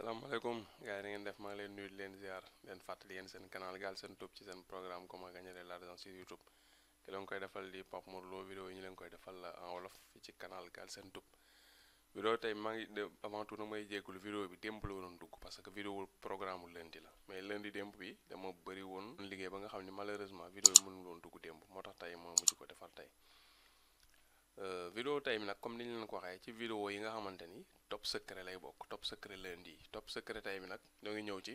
salaamaaleykum gars yi da def maa ngi leen nuyu leen ziar leen fàttali yéen seen canal Galsen Tube ci seen programme comment gagner de l'argent sur YouTube ki leen koy defal di Pape Mor Lo vidéo yi ñu leen koy defal en wolof fi ci canal Galsen Tube vidéo tey maa ngi avant tout na may jéggul vidéo bi démb la dugg parce que vidéo programme wu lundi la mais lundi démb bi dama bëri woon liggéey ba nga xam ni malheureusement vidéo yi mënul woon dugg démb moo tax tey moo mujj ko defal tey euh, vidéo tey mi nag comme ni ñu leen ko waxee ci vidéo yi nga xamante ni top secret lay bokk top secret lundi top secret tey bi nag ñoo ngi ñëw ci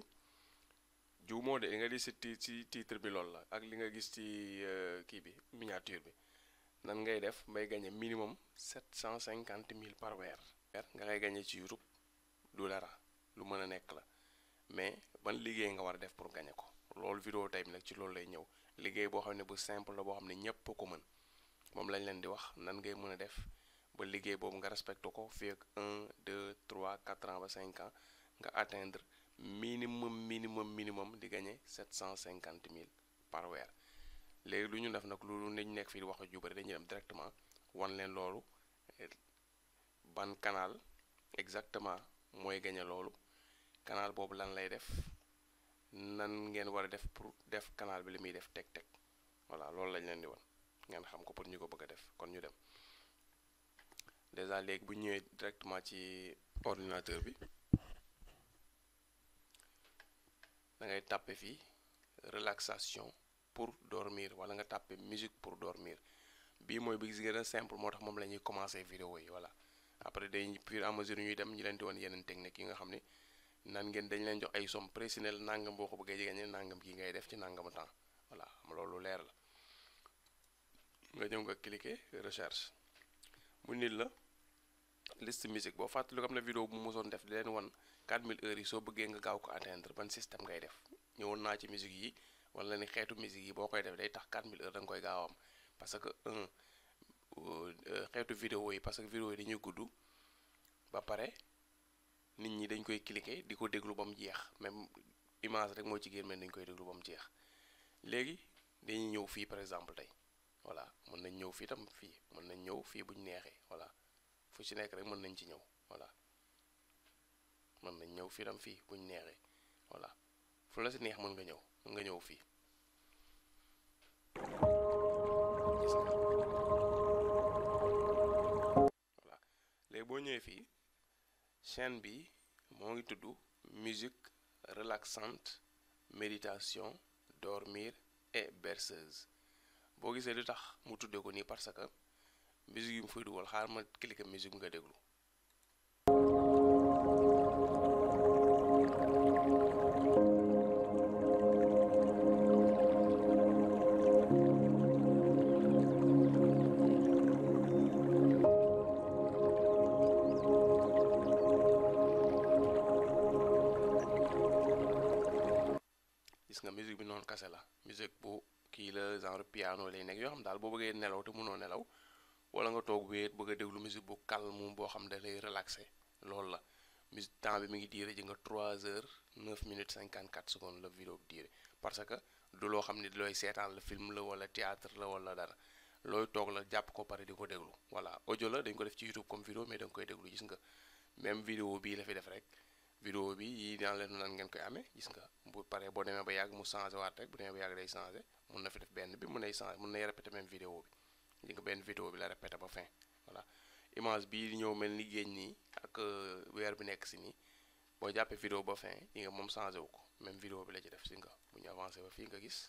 juumoo de li nga gis si ci bi loolu la ak li nga gis ci euh, kii bi miniature bi nan ngay def may gagné minimum sept cent cinquante mille par weer. weer nga ngay gagné ci YouTube du dara lu mën a nekk la mais ban liggéey nga war a def pour gagné ko loolu vidéo tey nag ci loolu lay ñëw liggéey boo xam ne bu simple la boo xam ne ñépp ko mën moom lañ leen di wax nan ngay mën a def. ba liggéey boobu nga respecté ko fi ak 1 2 3 4 ba cinq ans nga atteindre minimum minimum minimum di cent cinquante mille par weer léegi lu ñu def nag loolu nañ nekk fii di wax ju bari dañuy dem directement wan leen loolu eh, ban kanaal exactement mooy gagné loolu kanaal boobu lan lay def nan ngeen war a def pour def kanaal bi li muy def teg teg voilà loolu lañ leen di wan ngeen xam ko pour ñu ko bëgg a def kon ñu dem. déjà léegi bu ñëwee directement ci ordinateur bi dangay ngay tàppe fii relaxation pour dormir wala nga tàppe musique pour dormir bii mooy bi gën a simple moo tax moom la ñuy commencer vidéo yi voilà après day fur et à mesure ñuy dem ñu leen di woon yeneen technique yi nga xam ni nan ngeen dañ leen jox ay somme précis nàngam boo ko bëggee jege ne nangam ki ngay def ci nangam temps voilà am loolu leer la nga ñëw nga cliquer recherche mu nit la liste musique boo fàttali ko am na vidéo bu mu mosoon def di leen wan 4000 heures yi soo bëggee nga gaaw ko atteindre ban système ngay def ñëwoon naa ci musique yi wala ni xeetu musique yi boo koy def day tax 4000 heures da nga koy gaaw parce que euh, euh, xeetu vidéo yi parce que vidéo yi dañuy gudd ba pare nit ñi dañ koy cliquer di ko déglu ba mu jeex même image rek moo ci génn mais dañ koy déglu ba mu jeex léegi dañuy ñëw fii par exemple tey voilà mën nañ ñëw fii tam fii mën nañ ñëw fii bu ñu neexee voilà fu ci nekk rek mën nañ ci ñëw voilà mën nañ ñëw fii tam fii buñ neexee voilà fu la si neex mën nga ñëw mën nga ñëw fii voilà léegi boo ñëwee fii chaîne bi moo ngi tudd musique relaxante méditation dormir et berceuse boo gisee lu tax mu tudde ko nii parce que musique yi mu fay dugal xaar ma cliquer musique nga déglu calme boo xam ne lay relaxé loolu la mus temps bi mi ngi diire ji nga 3 heures 9 minutes 54 secondes la vidéo bi diire parce que du loo xam ne looy seetaan la film la wala théâtre la wala dara looy toog la jàpp ko pare di ko déglu voilà audio la dañ ko def ci YouTube comme vidéo mais da koy déglu gis nga même vidéo bii la fi def rek vidéo bi yii daan leen nan ngeen koy amee gis nga bu paree boo demee ba yàgg mu changé waat rek bu demee ba yàgg day na fi def benn bi mun nay changé mun nay répété même vidéo bi li nga benn vidéo bi la répété image bii di ñëw mel ni géej nii ak euh, weer bi nekk si nii boo jàppee vidéo ba fin yi nga moom changé wu ko même vidéo bi la ci def si nga bu ñu avancé ba fii nga gis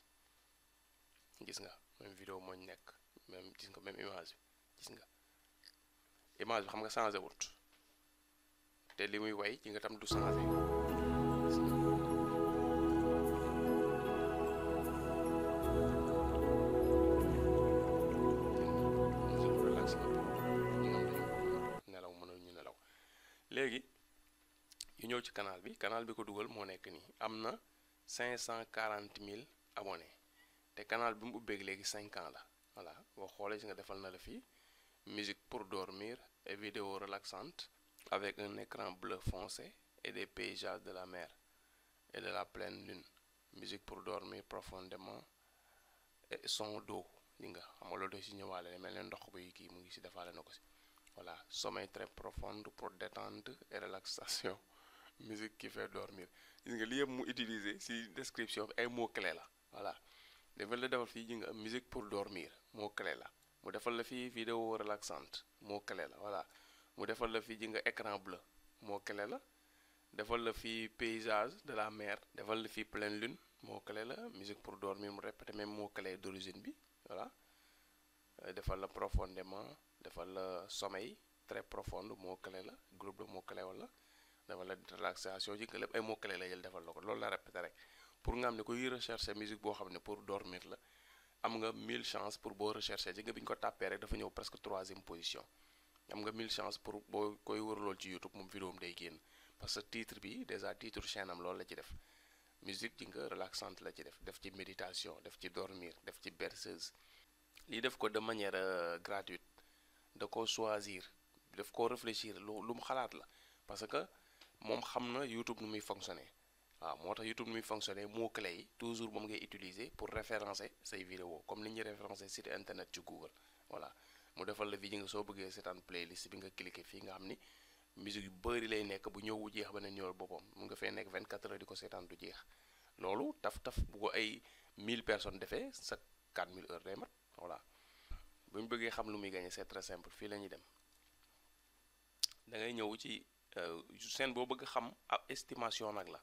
gis nga même vidéo moo nekk même gis nga même image bi gis nga image xam nga changé wut te li muy way ci nga tam du changé ci canal bi kanal bi ko dugal moo nekk nii am na cinq cent quarante mille abonnés te kanal bi mu ubbeeg léegi cinquant la voilà boo xoolee si nga defal na la fii musique pour dormir et vidéo relaxante avec un écran bleu foncé et des paysages de la mer et de la pleine lune musique pour dormir profondément et son do li nga xam nga loolu si ñëwaale mel ne ndox bi kii mu ngi si defaale na ko si voilà sommeil très profond pour détente et relaxation musique qui fait dormir gis li yëpp mu utiliser si description bi ay mots clés la voilà dafa la defal fii ji nga am musique pour dormir moo clé la mu defal la fii vidéo relaxante moo clé la voilà mu defal la fii ji nga écran bleu mot clé la defal la fii paysage de la mer defal la fii pleine lune mot clé la musique pour dormir mu répété même mot clé d'origine bi voilà euh, defal la profondément defal la sommeil très profonde moo clé la groupe de mot clé wala defal la relaxation ci lépp ay mots clés la jël defal la ko loolu la répété rek pour nga xam ne kuy recherche musique boo xam ne pour dormir la am nga mille chance pour boo recherche ci nga bi ñu ko tàppee rek dafa ñëw presque troisième position am nga mille chance pour boo koy wër lool ci YouTube moom vidéo am day génn parce que titre bi déjà titre chaîne am lool la ci def musique ji nga relaxante la ci def def ci méditation def ci dormir def ci berceuse lii def ko de manière euh, gratuite da ko choisir daf ko réfléchir lu lu xalaat la moom xam na YouTube nu muy fonctionner waaw moo tax YouTube nu muy fonctionner mots clés yi toujours moom ngay utiliser pour référencer say vidéo comme ni ñuy référencer site internet ci Google voilà mu defal la vidéo nga soo bëggee seetaan playlist bi nga cliquer fii nga xam ni musique yu bëri lay nekk bu ñëw wu jeex ba ne ñëwal boppam mu nga fee nekk 24 heures di ko seetaan du jeex loolu taf taf bu ko ay mille personnes defee sa 4000 mille day mat voilà bu ñu bëggee xam lu muy gagné c'est simple fii la ñuy dem ñëw ci. Euh, seen boo bëgg xam ab estimation nag la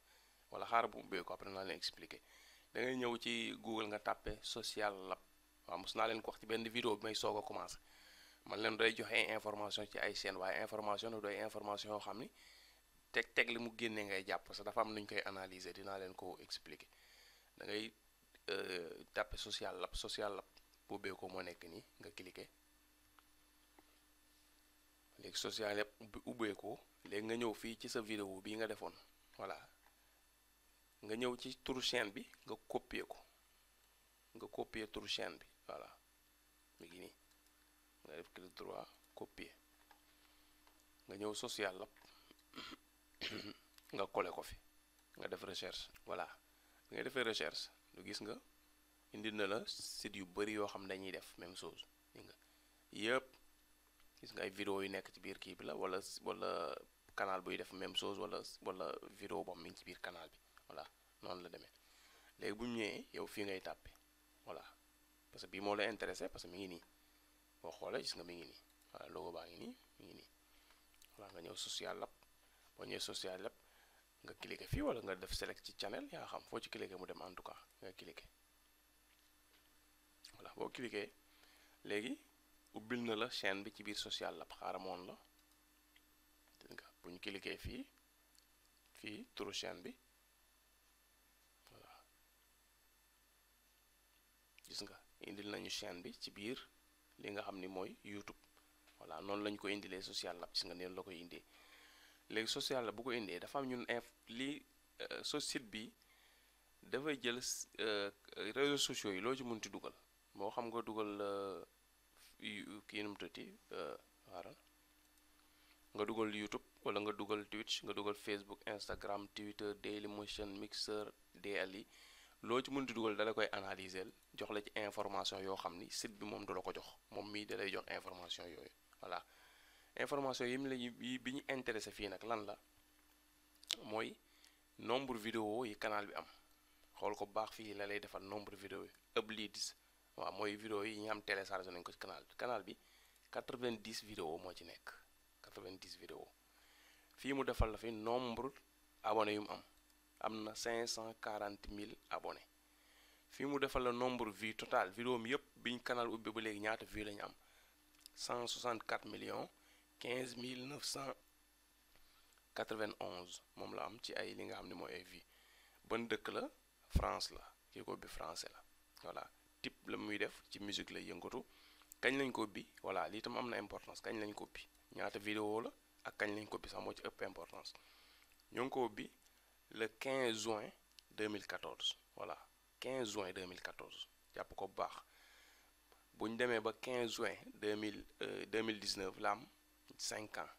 wala xaaral bu ubbee ko naa leen expliquer da ngay ñëw ci Google nga tàppe social lab waaw mos naa leen ko ci benn vidéo may soog a commencé man leen doy joxe information ci ay chaîne information na doy information yoo xam ni teg teg li mu génnee ngay jàpp que dafa am lu koy analyser dinaa leen ko expliquer da ngay euh, tàppe social lab social lab bu ubbee moo nekk nii nga cliquer léegi social lab ubbeekoo léegi nga ñëw fii ci sa vidéo bii nga defoon voilà nga ñëw ci turu bi nga copier ko nga copier turu bi voilà mi ngi nii nga def clic droit copier nga ñëw social lab nga coller ko fi nga def recherche voilà bi nga defee recherche lu gis nga indi na la site yu bari yoo xam dañuy def même chose nga yëpp gis nga ay vidéo yu nekk ci biir kii bi la wala wala canal buy def même chose wala wala vidéo boo xam mi ngi ci biir canal bi voilà noonu la demee léegi bu ñëwee yow fii ngay tàppe voilà parce que bii moo la intéressé parce que mi ngi nii boo xoolee gis nga mi ngi nii logo baa ngi nii mi ngi nii voilà nga ñëw social lab boo ñëwee social lab nga cliquer fii wala nga def select ci channel yaa xam foo ci cliquer mu dem en tout cas nga cliquer voilà boo cliquer léegi ubbil na la chaîne bi ci biir social lab xaaral moon la. bu ñu fii fii turu bi voilà gis nga indil nañu chaîne bi ci biir li nga xam ni mooy YouTube voilà noonu lañu ko indilee social la gis nga neen la koy indi léegi social la bu ko indee dafa am ñun inf lii euh, so site bi dafay jël euh, réseaux sociaux yi loo ci ti dugal moo xam nga dugal euh, kii nu mu nga dugal YouTube wala nga dugal Twitch nga dugal Facebook Instagram Twitter Dailymotion Mixer DLI loo ci mën di dugal dala koy analyser jox la ci information yoo xam ni site moom du ko jox moom mii dalay jox information yooyu voilà information yi mu la bi ñu intéressé fii nag lan la mooy nombre vidéo yi kanaal bi am xool ko baax fii la lay defal nombre vidéo yi up leads waaw mooy vidéo yi ñu am téléchargé nañ ko ci canal bi canal bi 90 vidéo moo ci nekk 90 vidéo fii mu defal la nombre abonné yu mu am am na cinq cent quarante mille abonnés fii mu defal la nombre vue total vidéo mi yëpp biñ canal ubbi ba léegi ñaata vue lañu am cent soixante quatre million quinze mille neuf cent quatre vingt onze moom la am ci ay li nga xam ni mooy ay vie ban dëkk la France la kii ko ubbi français la voilà type la muy def ci musique lay yëngatu kañ lañ ko ubbi voilà lii tam am na importance kañ lañ ko ubbi ñaata vidéo la. ak kañ lañ ko bi moo ci ëpp importance ñu ngi ko bi le 15 juin deux mille 2014 voilà 15 juin 2014 jàpp ko bu baax bu ñu demee ba 15 juin 2000 2019 euh, la am 5 ans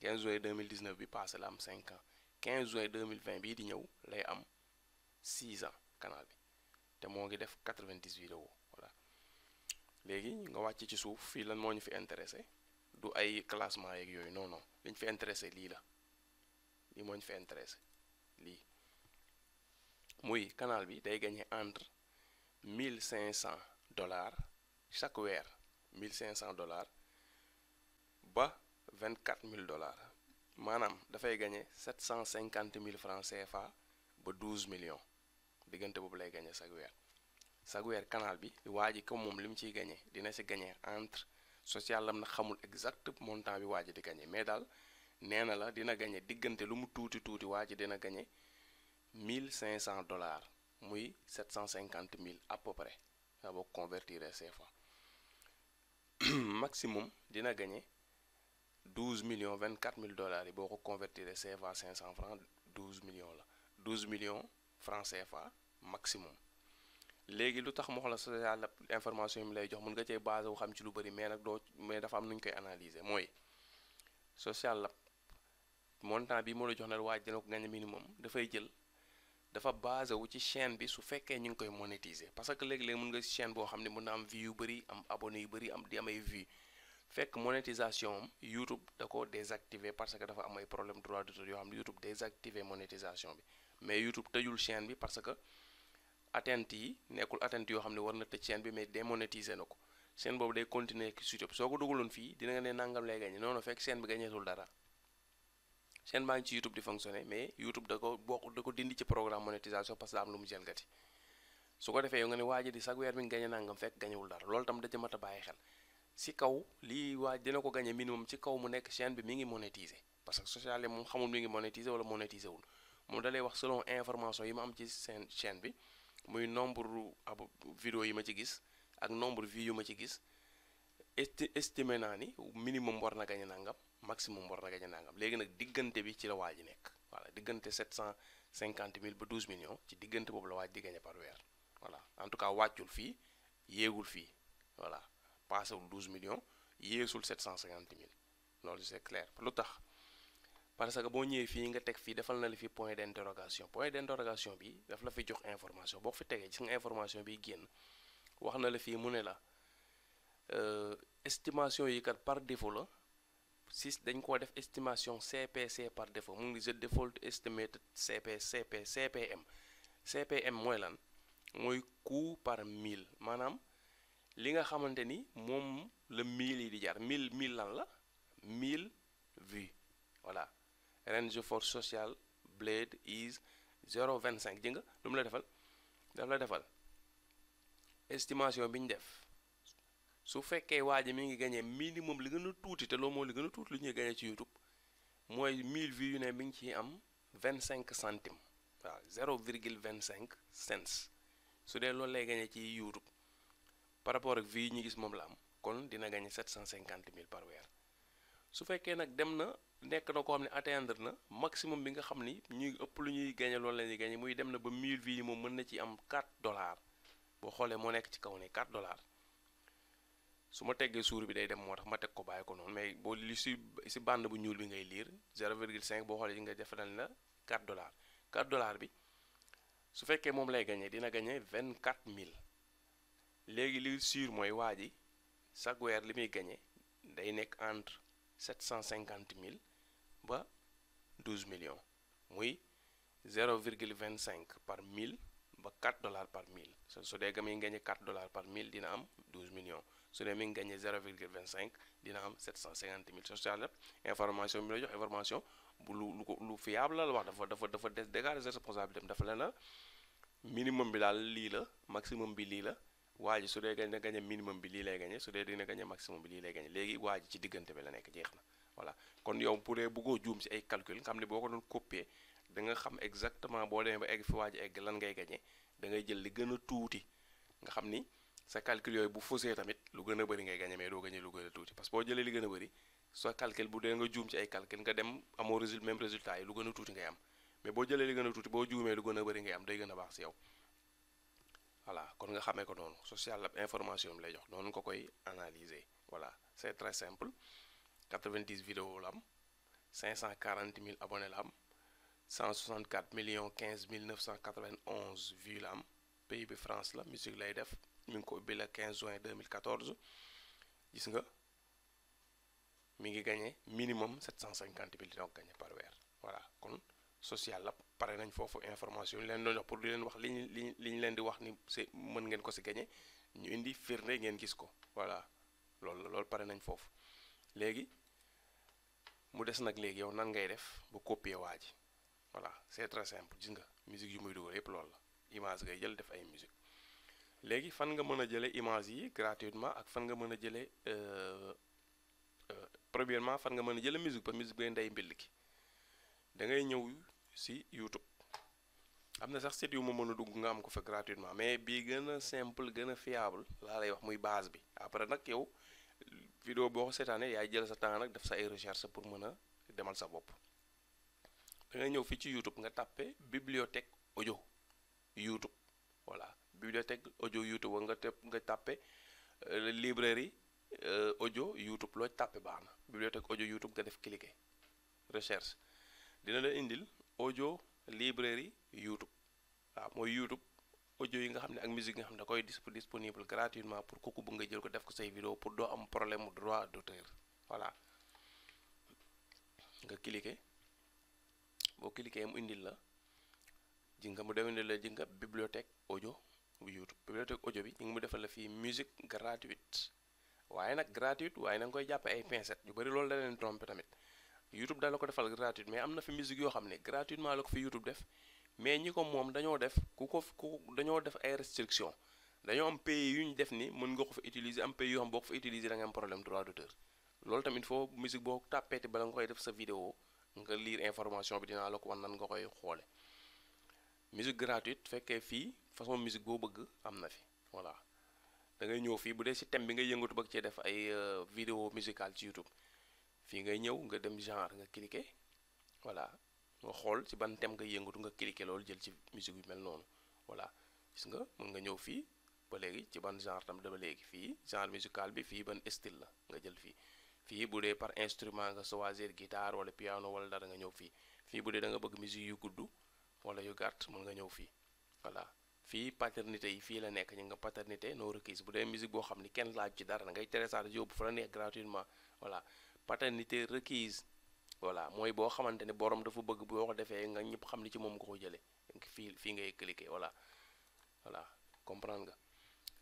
15 juin 2019 bi passé la am 5 ans 15 juin 2020 bii di ñëw lay am 6 ans canal bi te moo ngi def 90 vidéo voilà léegi ñu nga wàcc ci suuf fii lan moo ñu fi intéressé du ay classement yeeg yooyu noonu non fi intéressé lii la lii moo ñu fi intéressé lii muy canal bi day gagné entre mille cinq cent dollars chaque weer mille cinq cent dollars ba vingt quatre mille dollars maanaam dafay gañe sept cent cinquante mille francs CFA ba douze millions diggante boobu lay gagné chaque weer chaque weer canal bi waa ji comme moom li mu ciy gagné dina ci gañee entre. social lam na xamul exact montant bi waa di gañee mais daal nee na la dina gagné diggante lu mu tuuti tuuti waa ji dina gagné mille cinq cent dollars muy sept cent cinquante mille à peu près nga boo convertir CFA maximum dina gagné douze millions vingt quatre mille dollars boo ko convertir CFA cinq cent francs douze millions la douze million francs CFA maximum. léegi lu tax mu xoolal sa yàlla information yi mu lay jox mën nga cee basé wu xam ci lu bëri mais nag doo mais dafa am nu ñu koy analyser mooy social la montant bi moo la jox na waaj dina ko gañ minimum dafay jël dafa basé wu ci chaîne bi su fekkee ñu ngi koy monétiser parce que léegi-léegi mën nga chaîne boo xam ne mën na am view yu bëri am abonné yu bëri am di am ay fekk monétisation am YouTube da ko désactiver parce que dafa am ay problème droit d'auteur yoo xam ne YouTube désactiver monétisation bi mais YouTube tëjul chaîne bi parce que attente yi nekkul attente yoo xam ne war na tëj chaîne bi mais démonétisé na ko chaîne boobu day continuer ci YouTube soo ko dugaloon fii dina nga ne nangam lay gagné noonu fekk chaîne bi gagnétul dara di fonctionner mais YouTube da ko bokk ci programme monétisation parce que daa am ko defee yow nga ne waaji di chaque weer nangam fekk gagnéwul dara loolu tam da ca a bàyyi xel si kaw lii waaj dina ko gagné minimum ci kaw mu nekk chaîne bi mi ngi monétisé parce que social moom xamul mi ngi monétisé wala monétisé wul moom da lay wax selon information yi ma am ci seen chaîne bi muy nombre ab vidéo yi ma ci gis ak nombre vues yu ma ci gis esti estimé naa ni minimum war na gañe nangam maximum war na gañe nangam léegi nag diggante bi ci la waa yi nekk voilà diggante 750 mille ba 12 million ci diggante boobu la waa di gañe par weer voilà en tout cas wàccul fii yéegul fii voilà paasewul 12 million yéesul cent 750 000 loolu c'est clair lu tax parce que boo ñëwee fii nga teg fii defal na la fi point d'interrogation point d'interrogation bi daf la fi jox information boo fi tegee gis nga information bi génn wax na la fii mu ne la euh, estimation yi kat par défaut la si dañ koo def estimation CPC par défaut mu ngi the default estimate CP CP CPM CPM mooy lan mooy coût par mille maanaam li nga xamante ni moom la mille yi di jaar mille mille lan la mille vues voilà range for social blade is 0,25 ji nga lu mu la defal daf la defal estimation bi ñu def su fekkee waa ji mi ngi gañee minimum li gën tuuti te loolu moo li gën tuuti lu ñuy gañee ci YouTube mooy mille vues yu ne mi ngi ciy am 25 centimes waaw cinq cents su dee loolu lay gañee ci YouTube par rapport ak vues yi ñu gis moom la am kon dina gañee cinquante mille par weer su fekkee nag dem na. nekk na ko xam ne atteindre na maximum bi nga xam ni ñuy ëpp lu ñuy gagné loolu la ñuy muy dem na ba 1000 vues yi moom mën na ci am 4 dollars boo xoolee moo nekk ci kaw ne 4 dollars su ma teggee suur bi day dem moo tax ma teg ko bàyyi ko noonu mais boo li si si bande bu ñuul bi ngay liir 0,5 boo xoolee nga def dañ la 4 dollars 4 dollars bi su fekkee moom lay gagné dina gagné 24000 léegi li sûr mooy waa ji chaque weer li muy gagné day nekk entre 750 000. ba 12 millions muy 0,25 par 1000 ba 4 dollars par 1000 su dee ga muy gagné 4 dollars par 1000 dina am 12 millions su dee mi ngi gagné 0,25 dina am 750 mille social information bi la jox information bu lu lu ko lu fiable la wax dafa dafa dafa des dégâts des responsabilités dafa la na minimum bi daal lii la maximum bi lii la waa ji su dee dina minimum bi lii lay gagné su dee dina gagné maximum bi lii lay gagné léegi waa ci diggante bi la nekk jeex na. voilà kon yow bu dee bëggoo juum si ay calcul nga xam ne boo ko doon copier da nga xam exactement boo demee ba egg fi waa ji egg lan ngay gañe dangay jël li gën a tuuti nga xam ni sa calcul yooyu bu faussé tamit lu gën a bëri ngay gañe mais doo lu gën a tuuti parce que jëlee li gën a bëri sa calcul bu dee nga juum ci nga dem amoo résultat lu gën a ngay am mais boo jëlee li gën a tuuti boo juumee lu gën a bëri ngay am day gën a baax si yow voilà kon nga xamee ko noonu social lab information lay jox noonu nga koy analyser voilà c'est très simple dix 90 vidéos la am 540 000 abonnés la am 164 millions 15 991 vues la am pays bi France la musique lay def mi ngi ko ubbi la 15 juin 2014 gis nga mi ngi gagné minimum 750 000 donc gañe par weer voilà kon social la pare nañ foofu information yi leen doon jox pour li leen wax li ñu li li ñu leen di wax ni c'est mën ngeen ko si gagné ñu indi firnde ngeen gis ko voilà loolu loolu pare nañ foofu mu des nag léegi yow nan ngay def bu copier waa ji voilà c'est très simple gis nga musique yu muy dugal yëpp loolu la image ngay jël def ay musique léegi fan nga mën a jëlee image yi gratuitement ak fan nga mën a jëlee euh, euh, premièrement fan nga mën a jëlee musique ba musique bay ndey mbill ki da ngay ñëw si YouTube am na sax site yu ma mën a dugg nga am ko fa gratuitement mais bii gën a simple gën a fiable laa lay wax muy base bi après nag yow vidéo boo ko seetaanee yaay jël sa temps nag def sa ay recherche pour mën a demal sa bopp da ñëw fii ci YouTube nga tàppe bibliothèque ojo YouTube voilà bibliothèque audio YouTube nga tëpp nga tàppe euh, librairie euh, audio YouTube loo tàppe baax na bibliothèque ojo YouTube nga def cliquer recherche dina la indil ojo librairie YouTube waaw mooy YouTube. audio yi nga xam ne ak musique yi nga xam ne da koy disponible gratuitement pour kooku bu nga jël ko def ko say vidéo pour doo am problème droit d'auteur voilà nga cliquer boo cliquer mu indil la ji nga mu demandil la ji nga bibliothèque audio bu YouTube bibliothèque audio bi ñu ngi mu defal la fii musique gratuite waaye nag gratuite waaye na nga koy jàppe ay pincette yu bari loolu da leen trompé tamit YouTube da la ko defal gratuite mais am na fi musique yoo xam ne gratuitement la ko fi YouTube def mais ñi ko moom dañoo def ku ko ku dañoo def ay restriction dañoo am pays yu ñu def ni mën nga ko fa utiliser am pays yoo xam boo ko fa utiliser da nga am problème droit d'auteur loolu tamit foo musique boo tàppeete bala nga koy def sa vidéo nga liir information bi dinaa la ko wan nan nga koy xoole musique gratuite fekkee fii façon musique boo bëgg am na fi voilà da ngay ñëw fii bu dee ci thème bi ngay yëngatu bëgg cee def ay euh, video musicale ci YouTube fii ngay ñëw nga dem genre nga cliquer voilà nga xool ci ban thème nga yëngatu nga cliquer loolu jël ci musique yu mel noonu voilà gis nga mën nga ñëw fii ba léegi ci ban genre tam ba léegi fii genre musical bi fii ban style la nga jël fii fii bu dee par instrument nga choisir guitare wala piano wala dara nga ñëw fii fii bu dee da nga bëgg musique yu gudd wala yu gàtt mën nga ñëw fii voilà fii paternité yi fii la nekk ñu nga paternité noo requise bu dee musique boo xam ni kenn laaj ci dara da ngay télécharger yóbbu fa la neex gratuitement voilà paternité requise voilà mooy boo xamante ne borom dafa bëgg boo ko defee nga ñëpp xam li ci moom nga ko jëlee fii fii ngay cliquer voilà voilà comprendre nga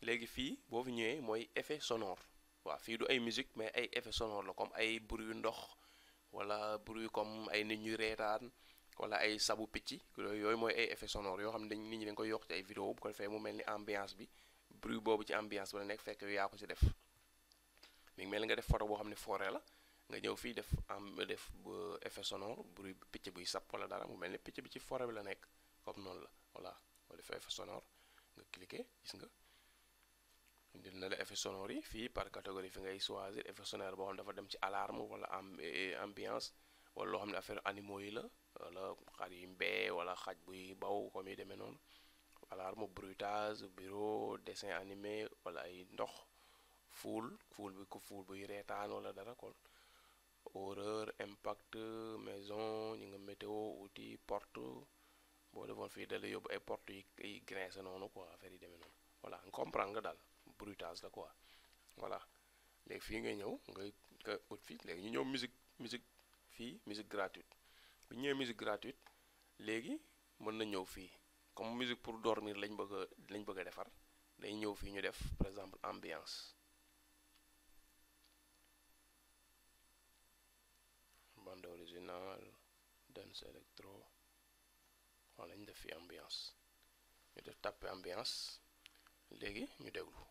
léegi fii boo fi ñëwee mooy effet sonore waaw fii du ay musique mais ay effet la comme ay bruit ndox wala bruit comme ay nit ñuy reetaan wala ay sabu picc yooyu mooy ay effet yoo xam ne dañ nit ñi dañ ko yokk ci ay vidéo bu ko defee mu mel ni ambiance bi bruit boobu ci ambiance ba la nekk fekk yaa ko ci def mi ngi mel nga def foto boo xam ne fooree la nga ñëw fii def am def effet sonore bruit picc buy sap wala dara mu mel ni picc bi ci forêt la nekk comme noonu la voilà nga def effet gis nga indil na la effet yi fii par catégorie ngay choisir effet sonore dafa dem ci alarme wala am ambiance wala loo xam ne affaire animaux yi la wala xar wala xaj buy baw comme yi demee noonu alarme bruitage bureau dessin animé wala ay ndox fuul fuul bi ko buy reetaan wala dara kon horreur impact maison ñu ngi météo outil porte boo defoon fii dala yóbbu ay porte yi yi grincé noonu quoi affaire yi demee noonu voilà nga comprendre nga daal bruitage la quoi voilà léegi fii ngay ñëw nga nga ut fii léegi ñu ñëw musique musique fii musique gratuite bi ñëwee musique gratuite léegi mën na ñëw fii comme musique pour dormir lañ bëgg a bëgg a defar day ñëw fii ñu def par exemple ambiance bande originale dance électro wala ñu def fi ambiance ñu def tàppe ambiance léegi ñu déglu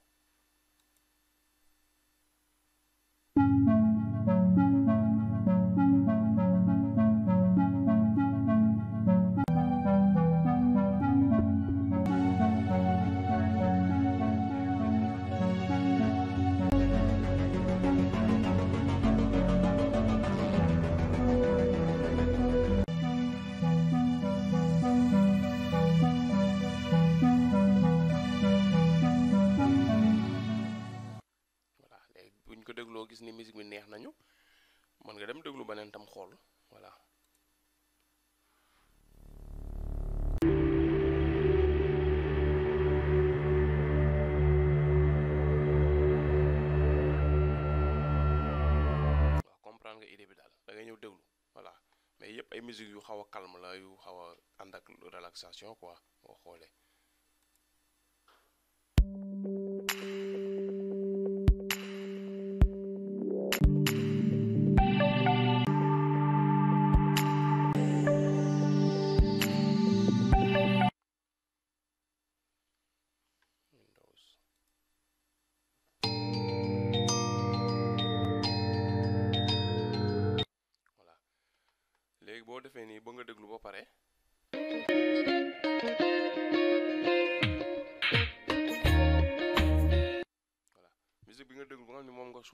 ay yu xaw a calme yu xaw a ànd ak relaxation quoi boo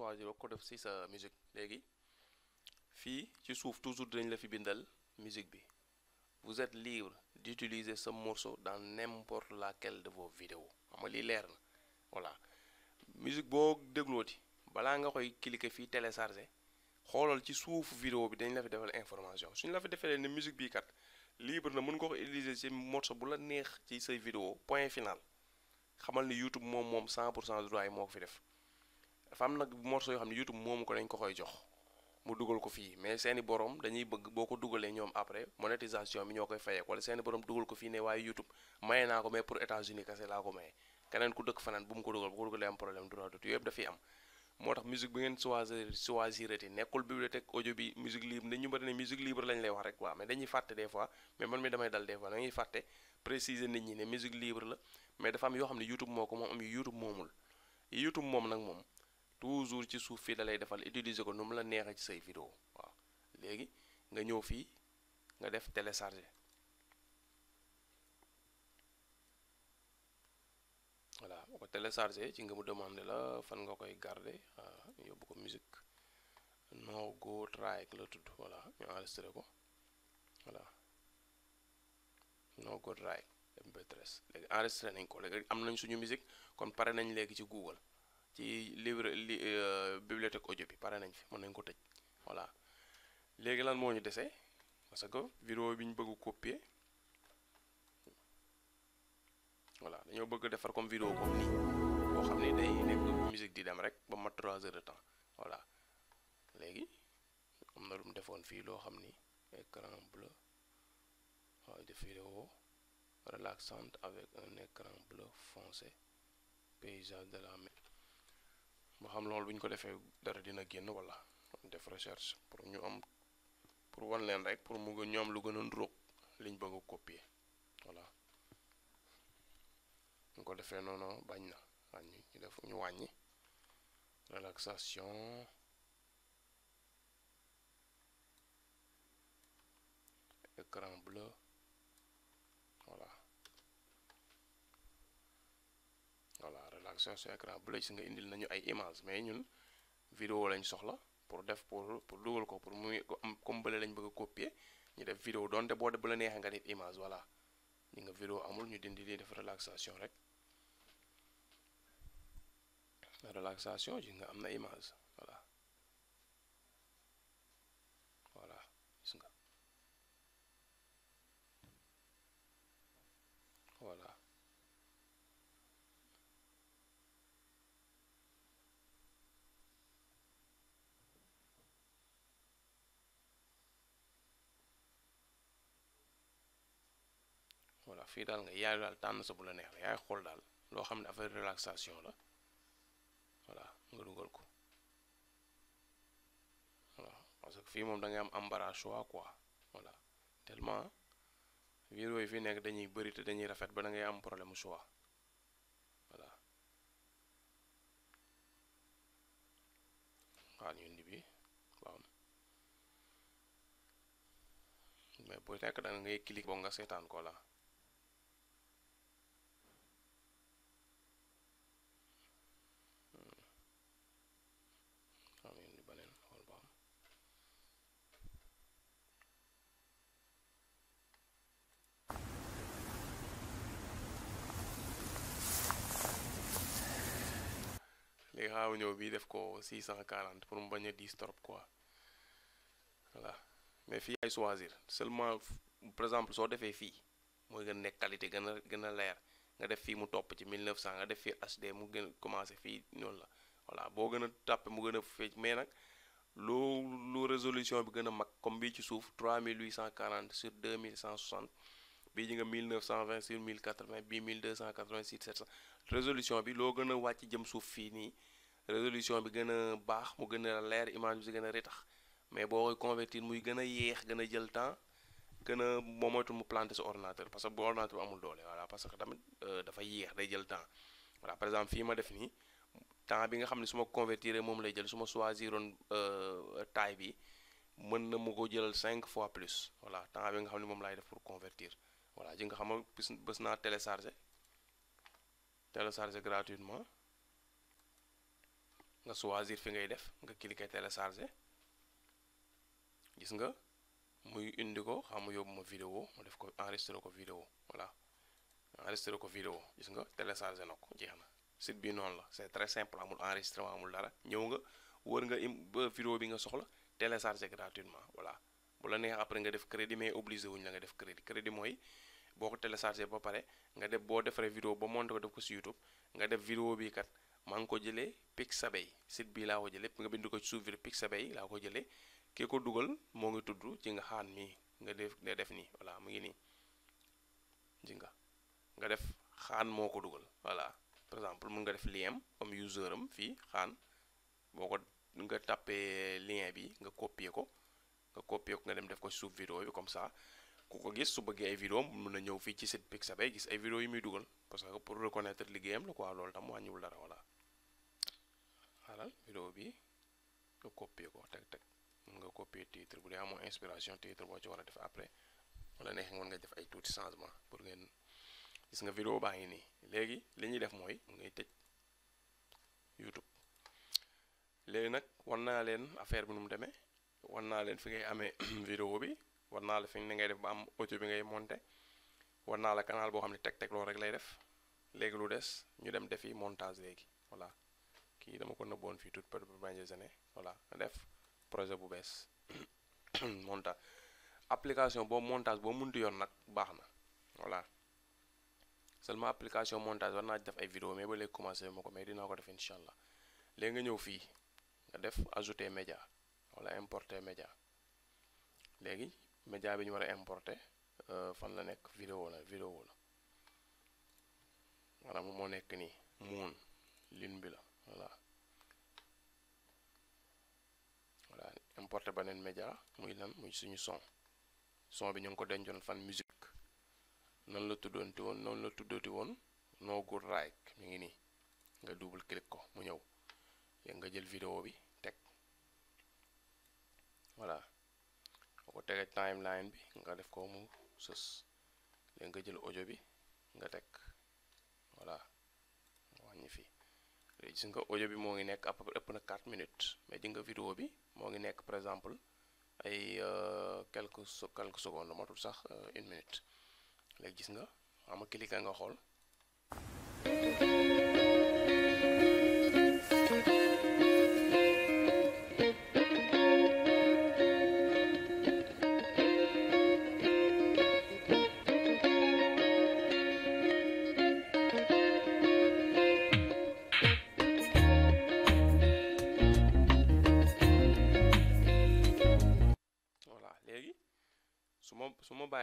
choisir ko def si sa musique léegi fii ci suuf toujours dinañ la fi bindal musique bi vous êtes libre d'utiliser sa morceau dans n'importe laquelle de vos vidéos xam nga lii leer na voilà musique boo déglooti balaa nga koy cliquer fii télécharger xoolal ci suufu vidéo bi dañ la fi defal information suñu la fi defee ne musique bii kat libre na mën nga ko utiliser ci morceau bu la neex ci say vidéo point final xamal ni YouTube moom moom cent pour cent droit moo fi def dafa am nag morceau yoo xam ne YouTube moomu ko dañ ko koy jox mu dugal ko fii mais seeni borom dañuy bëgg boo ko dugalee ñoom après monétisation bi ñoo koy fayee wala seeni borom dugal ko fii ne waaye YouTube maye naa ko mais pour États-Unis kese laa ko maye keneen ku dëkk fanaan bu mu ko dugal bu ko bi ngeen choisir choisirati nekkul bibliothèque audio bi musique libre lay wax rek waa mais dañuy fàtte des fois mais man mi damay dal des ne musique libre mais dafa am yoo xam ne YouTube moo ko moom am YouTube moomul YouTube moom nag moom toujours ci suuf fii dalay defal utiliser ko nu mu la neexee ci say vidéo waaw léegi nga ñëw fii nga def télécharger voilà boo ko télécharger ci nga mu demandé la fan nga koy garder ah, yóbbu ko musique no go track la tudd voilà ñu enregistré ko voilà no go track mp léegi enregistré nañ ko léegi am nañ suñu musique kon pare nañ léegi ci Google ci livre li euh, bibliothèque audio bi pare nañ fi mën nañ ko tëj voilà léegi lan moo ñu desee parce que vidéo bi ñu bëggu copier voilà dañoo bëgg defar comme vidéo comme nii boo xam ne day nekk musique di dem rek ba mat 3 heures de temps voilà léegi am na lu defoon fii loo xam ni écran bleu waaw def vidéo relaxante avec un écran bleu foncé paysage de la mer ba xam loolu bu ñu ko defee dara dina génn wala def recherche pour ñu am pour wan leen rek pour mu gën ñu am lu gën a nduróog liñ bëgg a copier voilà ñu ko defee noonu bañ na wàññi ñu def ñu wàññi relaxation écran bleu la ak socio écran bu la gis nga indil nañu ay image mais ñun vidéo lañ soxla pour def pour pour dugal ko pour muy am comme bële lañ bëgg a ñu def vidéo donte boo def bu la neexee nga def image voilà ñu nga vidéo amul ñu dindi lii def relaxation rek relaxation ji nga am na image fii daal nga yaay daal tànn sa bu la neex la yaay xool daal loo xam ne affaire relaxation la voilà nga dugal ko voilà parce que fii moom dangay ngay am embarras choix quoi voilà tellement vidéo yi fi nekk dañuy bëri te dañuy rafet ba da ngay am problème choix voilà xaar ñu indi bi waaw nekk da ngay clic boo nga seetaan ko la xaaw ñëw bi def ko 640 pour mu bañ a diis trop quoi voilà mais fii ay choisir seulement par exemple soo defee fii mooy gën nekk qualité gën a gën a leer nga def fii mu topp ci 1900 nga def fii HD mu gën a commencé fii noonu la voilà boo gën a tàppe mu gën a feej mais nag loo lu résolution bi gën a mag comme bii ci suuf 3840 sur 2160 bii ji nga 1920 sur 1080 bii 1286 700 résolution bi loo gën a wàcc jëm suuf fii nii résolution bi gën a baax mu gën a leer image bi si gën a retax mais boo koy convertir muy gën a yéex gën a jël temps gën a boo moytu mu planter sa ordinateur parce que bu ordinateur amul doole voilà parce que tamit euh, dafa yéex day jël temps voilà par exemple fii ma def nii temps bi nga xam ne suma ma convertir moom lay jël su ma choisiroon euh, taille bi mën na mu ko jëlal cinq fois plus voilà temps bi nga xam ne moom laay def pour convertir voilà ji nga xam ne bés naa télécharger télécharger gratuitement nga choisir fi ngay def nga cliquer télécharger gis nga muy indi ko xam nga yóbbu ma vidéo ma def ko enregistré ko vidéo voilà enregistré ko vidéo gis nga téléchargé na ko jeex na site bi noonu la c'est très simple amul enregistrement amul dara ñëw nga wër nga im ba vidéo bi nga soxla téléchargé gratuitement voilà bu la neex après nga def crédit mais obligé wuñ la nga def crédit crédit mooy boo ko téléchargé ba pare nga def boo defaree vidéo ba monté ko def ko si nga def vidéo bi maa ngi ko jëlee Pixabay site bi laa ko jëlee nga bind ko ci suuf bi Pixabay laa ko jëlee ki ko dugal moo ngi tudd ci nga xaan mii nga def nga def nii voilà mu ngi nii ji nga def xaan moo ko dugal voilà par exemple mun nga def lien comme user am fii xaan boo ko nga tàppee bi nga copier ko nga copier ko nga dem def ko suuf vidéo bi comme ça ku ko gis su bëggee ay vidéo mun na ñëw fii ci site Pixabay gis ay vidéo yi muy dugal parce que pour reconnaître liggéeyam la quoi loolu tam wàññiwul dara voilà daal bi nga copier ko teg teg mën nga copier titre bu dee amoo inspiration titre boo ci war a def après wala neex mën nga def ay tuuti changement pour ngeen gis nga vidéo baa ngi nii léegi li def mooy ngay tëj YouTube léegi nag wan naa leen affaire bi nu mu demee wan naa leen fi ngay amee vidéo bi wan naa la fi ni ngay def ba am audio bi ngay monter wan naa la canal boo xam ne teg teg rek lay def léegi lu des ñu dem defi montage léegi voilà kii dama ko nëbboon fii tout pendant des années voilà def projet bu bees montage application boobu montage boo mënti yoon nag baax na voilà seulement application montage war naa def ay vidéo mais ba léegi commencé ma ko mais ko def incha allah léegi nga ñëw fii nga def ajouter média wala importer média léegi média bi ñu war a importer euh, fan la nekk vidéo la vidéo la maanaam moo nekk nii moon lin bi la voilà voilà importé beneen média muy lan muy suñu son son bi ñu ngi ko dencoon fan musique nan la tuddoonti woon noonu la tuddooti woon noo good right mi ngi nii nga double click ko mu ñëw léegi nga jël vidéo bi teg voilà boo ko tegee timeline bi nga def koo mu sës léegi nga jël audio bi nga teg voilà wàññi fi gis nga audio bi moo ngi nekk à peu près ëpp na 4 minutes mais di nga vidéo bi moo ngi nekk par exemple ay euh, quelques quelques secondes matul sax euh, une minute léegi gis nga xam nga cliquer nga xool.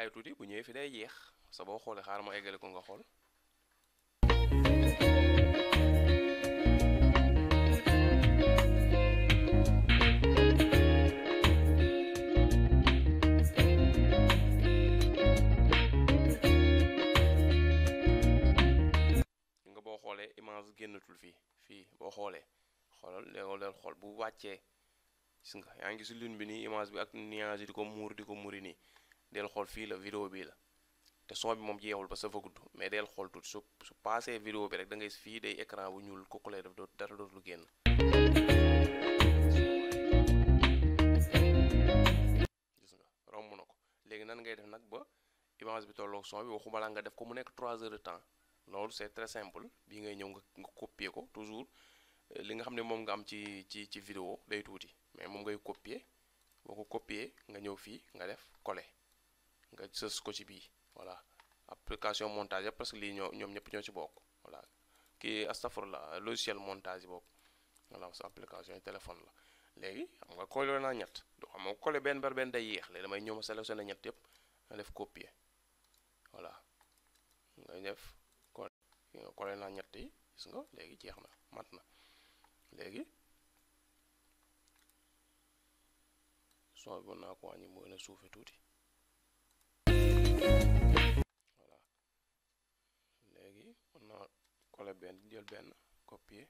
bàyyi tuuti bu ñëwee fi day jeex saboo boo xoolee xaaral ma eggale ko nga xool. nga boo xoolee image génnatul fii fii boo xoolee xoolal léegoo leen xool bu wàccee gis nga yaa ngi gis lune bi nii image bi ak nuage di ko muur di ko muri nii. del xool fii la vidéo bii la te son bi moom jeexul ba sa dafa gudd mais del xool tuuti su su passé vidéo bi rek da ngay fii day écran bu ñuul ko lay def dootu dara dootul génn. romb na ko léegi nan ngay def nag ba image bi tolloog son bi waxuma nga def ko mu nekk trois heures de temps loolu c' est simple bii ngay ñëw nga nga copier ko toujours li nga xam ne moom nga am ci ci ci vidéo day tuuti mais moom ngay copier boo ko copier nga ñëw fii nga def coller. nga sës ko ci bii voilà application montage yëpp parce que lii ñoo ñoom ñëpp ñoo ci bokk voilà kii astafurla logiciel montage bokk voilà sa application téléphone la léegi xam nga collé naa ñett do xam nga collé benn bar benn day yéex léegi damay ñëw ma sélectionné ñett yëpp nga def copier voilà nga def collé collé naa ñett yi nga léegi jeex na mat na léegi soo bu naa ko mu gën suufe tuuti voilà léegi mën naa coller benn jël benn copier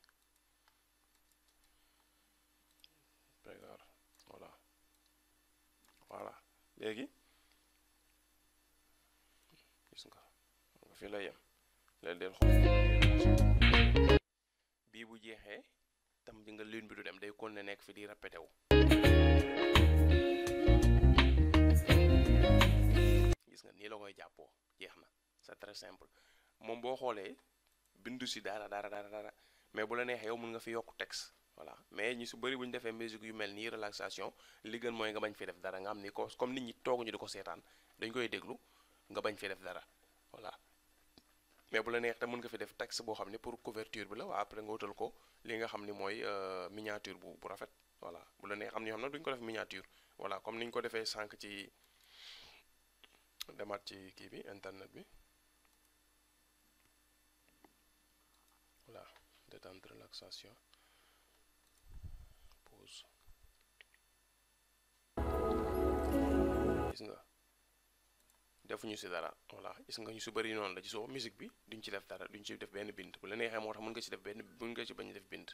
pégar voilà voilà léegi gis nga nga fi la yem léegi del xool bii bu jeexee tam di nga ligne bi du dem day kon ne nekk fi di répété gis nga nii la koy jàppoo jeex na c'est très simple moom boo xoolee bindu si dara dara dara dara mais bu la neexee yow mun nga fi yokk texte voilà mais ñu su bëri bu defee musique yu mel nii relaxation li gën mooy nga bañ fi def dara nga am ni ko comme nit ñi tooguñu di ko seetaan dañ koy déglu nga bañ fi def dara voilà mais bu la neex te mën nga fi def texte boo xam ne pour couverture bi la waa après nga wutal ko li nga xam ni mooy euh, miniature bu bu rafet voilà bu la neex am na ñoo xam ko def miniature voilà sànq demaat ci kii bi internet bi voilà détente relaxation pause gis nga defuñu si dara voilà gis nga ñu su bëri noonu la ci soo musique bi duñ ci def dara duñ ci def benn bind bu la neexee moo tax mën nga ci def benn mën nga ci bañ def bind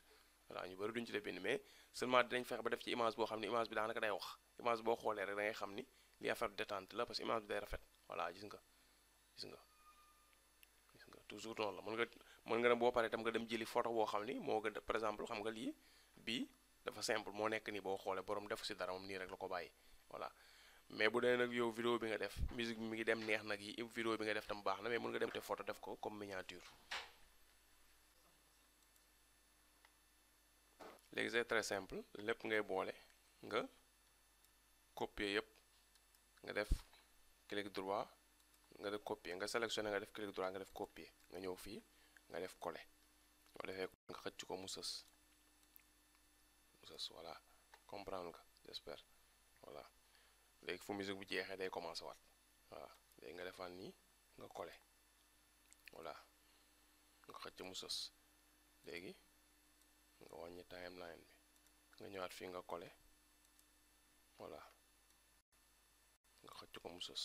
voilà ñu bëri duñ ci def bind mais seulement dinañ fexe ba def ci image boo xam ne image bi daanaka day wax image boo xoolee rek da ngay xam ni li affaire détente la parce que image bi day rafet voilà gis nga gis nga gis nga toujours noonu la mën nga mën nga dem boo paree tam nga dem jëli photo boo xam ni moo gën par exemple xam nga lii bii dafa simple moo nekk nii boo xoolee borom def si dara moom nii rek la ko bàyyi voilà mais bu dee nag yow vidéo bi nga def musique bi mi ngi dem neex nag yi vidéo bi nga def tam baax na mais mën nga dem te photo def ko comme miniature léegi c'est très simple lépp ngay boole nga copier yëpp nga def clic droit nga def copier nga sélectionné nga def clic droit nga def copier nga ñëw fii nga def coller boo defee nga xëcc ko mu sës mu sës voilà comprendre nga voilà léegi fu musique bu jeexee day commencé waat voilà léegi nga defaan nii nga coller voilà nga xëcc mu sës léegi nga wàññi timeline bi nga ñëwaat fii nga coller voilà nga xëcc ko mu sës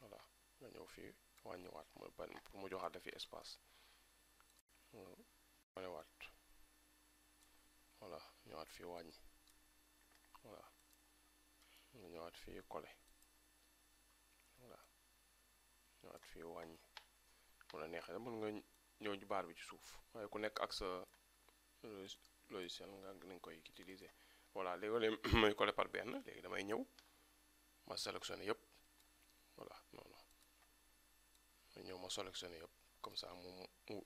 voilà nga ñëw fii wàññiwaat mooy ban mu joxaat la fi espace wanewaat voilà ñëwaat fii wàññi voilà nga ñëwaat fii kole voilà ñëwaat fii wàññi mun a neexee mën nga ñëw ci baar bi ci suuf waaye ku nekk ak sa logiciel nga nañ koy utiliser voilà léegi may collé par benn léegi damay ñëw ma sélectionné yëpp voilà noonu ma ñëw ma sélectionné yëpp comme ça mu mu nga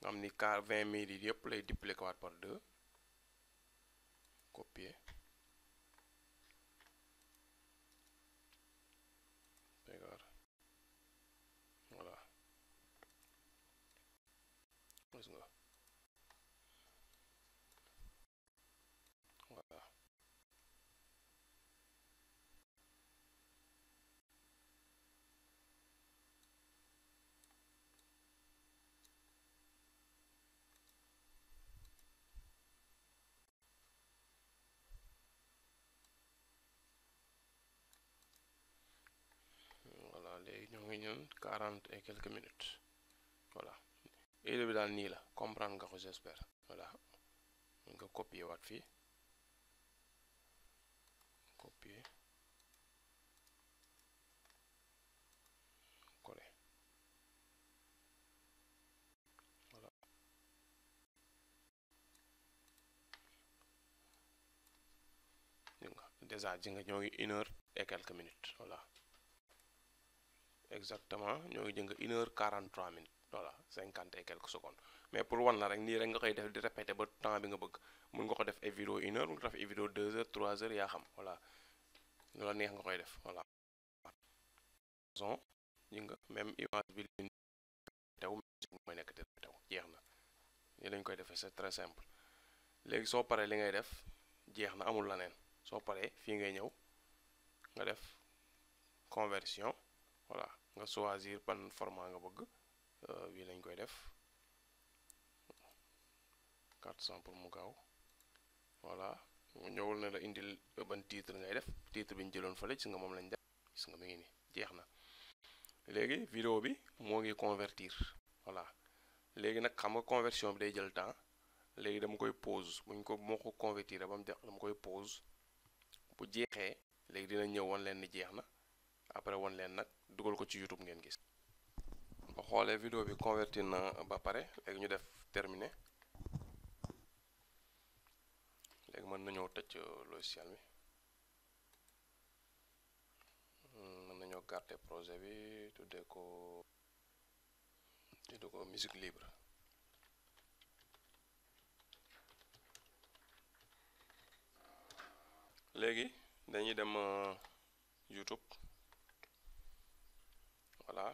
xam ni car vingt mille yi yëpp lay dupliquer waat par deux copier ñun quarante et quelques minutes voilà idée bi daal nii la comprendre nga ko j'espère voilà nga copier waat fii copier coller voilà nga déjà ji ñoo ngi une et quelques minutes voilà exactement ñoo ngi jëng une heure 43 minutes voilà 50 et quelques secondes mais pour wan la rek nii rek nga koy def di répéter ba temps bi nga bëgg mun nga ko def ay vidéo une heure mun nga def ay vidéo deux heures trois heures yaa neex nga koy def voilà ñi nga même image bi li tew mooy nekk te tew jeex na ni lañ koy defee c'est très simple léegi soo paree li ngay def jeex na amul leneen soo paree fii ngay ñëw nga def conversion voilà nga choisir ban format nga bëgg euh, bii lañ koy def 400 pour mu gaaw voilà ñëwul na la indil euh, ban titre ngay def titre bi ñu jëloon fële gis nga moom lañ def gis nga mi ngi nii jeex na léegi vidéo bi moo ngi convertir voilà léegi nag xam nga convertion bi day jël temps léegi dama koy pause buñ ko moo ko convertir ba mu jeex dama koy pause bu jeexee léegi dina ñëw woon leen ni jeex na après won leen nag dugal ko ci YouTube ngeen gis ba xoolee vidéo bi convertir na ba pare léegi ñu def terminé léegi mën nañoo tëj euh, logiciel bi hmm, mën nañoo garder projet bi tuddee ko tuddee ko musique libre léegi dañuy dem euh, YouTube voilà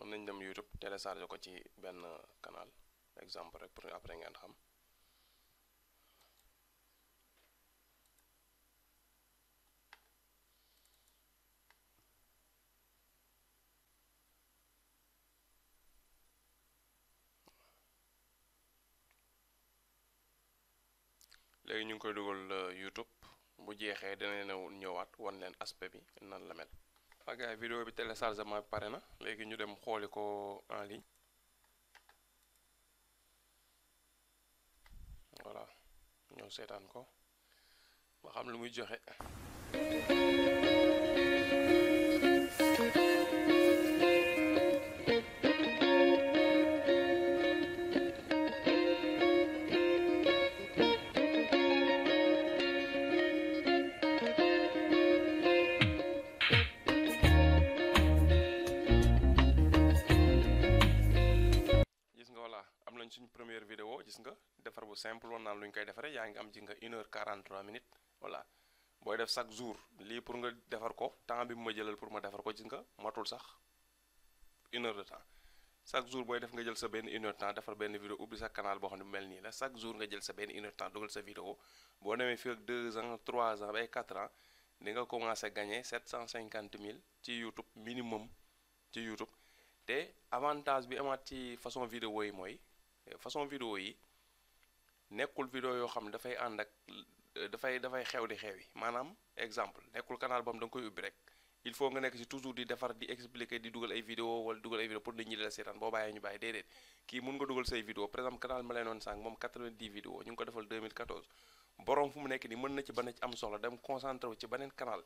mën nañ dem YouTube télécharger ko ci benn canal exemple rek pour après ngeen xam léegi ñu ngi koy dugal euh, YouTube bu jeexee dina leen ñëwaat wan leen aspect bi nan la mel waa gars bi téléchargement bi pare na léegi ñu dem xooli ko en ligne voilà ñëw seetaan ko ba xam lu muy joxe lu ñu koy defaree yaa ngi am ci nga une heure 43 minutes voilà booy def chaque jour lii pour nga defar ko temps bi mu ma jëlal pour ma defar ko ci nga matul sax une heure de temps chaque jour booy def nga jël sa benn une heure temps defar benn vidéo ubbi sa canal boo xam ne mel nii la chaque jour nga jël sa benn une heure temps dugal sa vidéo boo demee fii ak 2 ans 3 ans ba ay 4 ans di nga commencé gagné 750 000 ci YouTube minimum ci YouTube te avantage bi amaat ci façon vidéo yi mooy façon vidéo yi. nekkul vidéo yoo xam ne dafay ànd ak dafay dafay xew di xew yi maanaam exemple nekkul canal bam da nga koy ubbi rek il faut nga nekk ci toujours di defar di expliquer di dugal ay vidéo wala dugal ay vidéo pour nit ñi di la seetaan boo bàyyee ñu bàyyi déedéet kii mun nga dugal say vidéo par exemple canal ma leen noon sànq moom 90 vidéo ñu ngi ko defal 2014 borom fu mu nekk ni mën na ci ba ci am soxla dem concentré wu ci beneen canal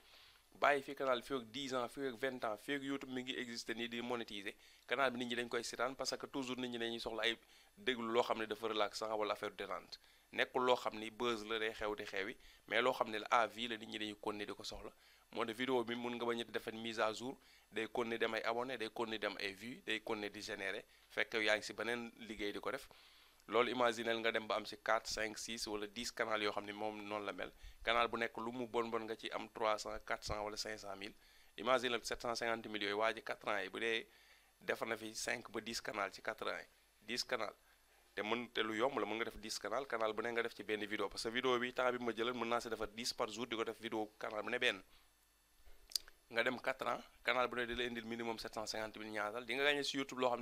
bàyyi fi canal fii ak 10 ans fii ak 20 ans fii ak YouTube mi ngi existé nii di monétiser canal bi nit ñi dañ koy seetaan parce que toujours nit ñi dañuy soxla ay déglu loo xam ne dafa relaxant wala affaire détente nekkul loo xam ni buzz la day xew di xewi mais loo xam ne la à vie la nit ñi dañuy continuer di ko soxla moo de vidéo bi mun nga ba ñetti defar mise à jour day continuer dem ay abonné day continuer dem ay vues day continuer di générer fekk yaa ngi si beneen liggéey di ko def loolu imaginel nga dem ba am ci 4 5 6 wala 10 canal yoo xam ne moom noonu la mel canal bu nekk lu mu bon bon nga ci am 300 400 wala 500 mille imaginel 750 mille yooyu waa ji ans yi bu dee defar na fi 5 ba 10 canal ci 4 ans yi 10 canal te mën te lu yomb la mën nga def 10 canal canal bu ne nga def ci benn vidéo parce que vidéo bi temps bi ma jëlal mën naa si defar 10 par jour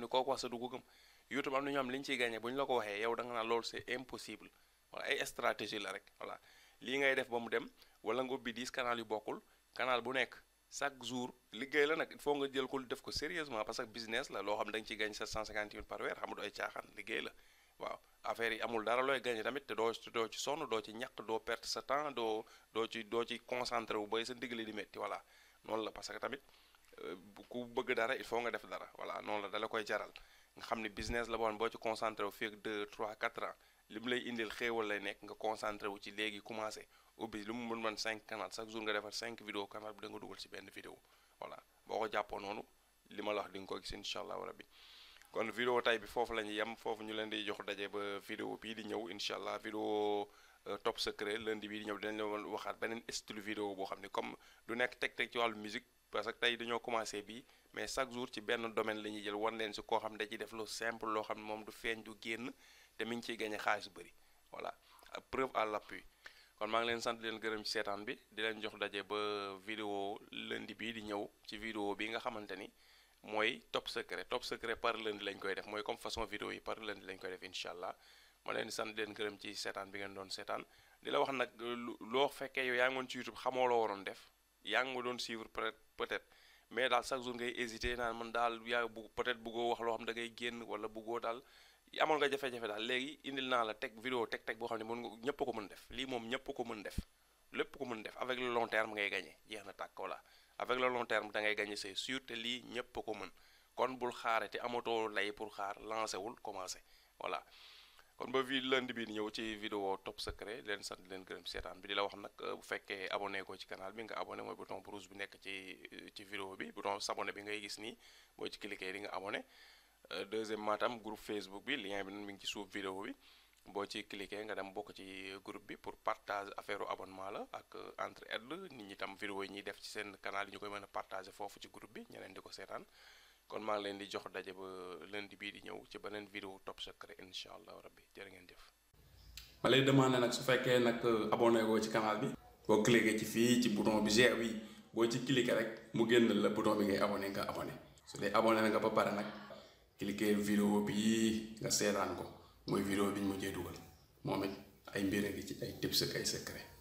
ko YouTube am na ñoo xam li ñu ciy gagné bu ñu la ko waxee yow da nga loolu c'est impossible wala ay stratégie la rek voilà lii ngay def ba mu dem wala nga ubbi 10 canal yu bokkul canal bu nekk chaque jour liggéey la nag il faut nga jël ko def ko sérieusement parce que business la loo xam da nga ciy gagné 750 000 par weer xam nga ay caaxaan liggéey la waaw affaire yi amul dara looy gagné tamit te doo doo ci sonn doo ci ñàkk doo perte sa temps doo doo ci doo ci concentré wu bay sa ndigali di métti voilà noonu la parce que tamit euh, ku bëgg dara il faut nga def dara voilà noonu la dala koy jaral nga xam ne business la woon boo ci concentré wu fii ak 2 3 4 ans li lay indil xéewal lay nekk nga concentré wu ci léegi commencé ubbi lu mu mën man cinq canal chaque jour nga defar cinq vidéo canal bi da nga dugal ci benn vidéo voilà boo ko jàppoo noonu li wax di nga ko gis incha allahu bi kon vidéo tey bi foofu la ñu yem foofu ñu leen di jox daje ba vidéo bii di ñëw incha allah vidéo euh, top secret lundi bii di ñëw dañ la waxaat beneen style vidéo boo xam ne comme du nekk teg teg ci wàllu musique parce que tey dañoo commencé bii mais chaque jour ci benn domaine la ñuy jël wan leen si koo xam da ciy def lu simple loo xam ne moom du feeñ du génn te mi ngi ciy xaalis bëri voilà preuve à l'appui kon maa ngi leen sant leen gërëm ci seetaan bi di leen jox daje ba vidéo lundi bii di ñëw ci vidéo bi nga xamante ni mooy top secret top secret par lundi lañ koy def mooy comme façon vidéo yi par lundi lañ koy def incha allah ma leen sant leen gërëm ci seetaan bi ngeen doon seetaan di la wax nag loo fekkee yow yaa ngoon ci xamoo loo waroon def yaa ngi ma doon suivre peut-être mais daal chaque jour ngay hésité naan man daal yaa bu peut-être bëggoo loo xam da ngay génn wala bëggoo daal amoon nga jafe-jafe daal léegi indil naa la teg vidéo teg teg boo xam ne mën nga ñëpp ko mën def lii moom ñëpp ko mën def lépp ko mën def avec le long terme ngay gagné jeex na tàkk voilà avec le long terme da ngay gagné c'est sûr te lii ñëpp ko mën kon bul xaare te amatoo lay pour xaar lancé wul commencé voilà kon ba vi lundi bi ñëw ci vidéo top secret leen sant leen gërëm seetaan bi di la wax nag eh, bu fekkee abonné ko ci kanaal bi nga abonné mooy bouton bu rouge bi nekk ci eh, ci vidéo bi bouton s'abonner bi ngay gis nii boo ci cliquer di nga abonné eh, deuxièmement tam groupe Facebook bi lien bi nan mi ngi ci suuf vidéo bi boo ci cliquer nga dem bokk ci groupe bi pour partage affaire abonement la ak entre aide nit ñi tam vidéo yi ñuy def ci seen kanaal yi ñu koy mën a partager foofu ci groupe bi ñeneen di ko seetaan kon maa ngi leen di jox daje ba lundi bii di ñëw ci beneen vidéo top secret incha allah rabbi jërë ngeen def ma lay demandé nag su fekkee nag euh, abonné koo ci canal bi. boo cliqué ci fii ci bouton bi gère wi boo ci cliqué rek mu génn la bouton bi ngay abonné nga abonné su dee abonné nga ba pare nag cliqué vidéo bii nga seetaan ko mooy vidéo bi ñu mujjee dugal moom ay mbir a ngi ci ay tips ak ay secret.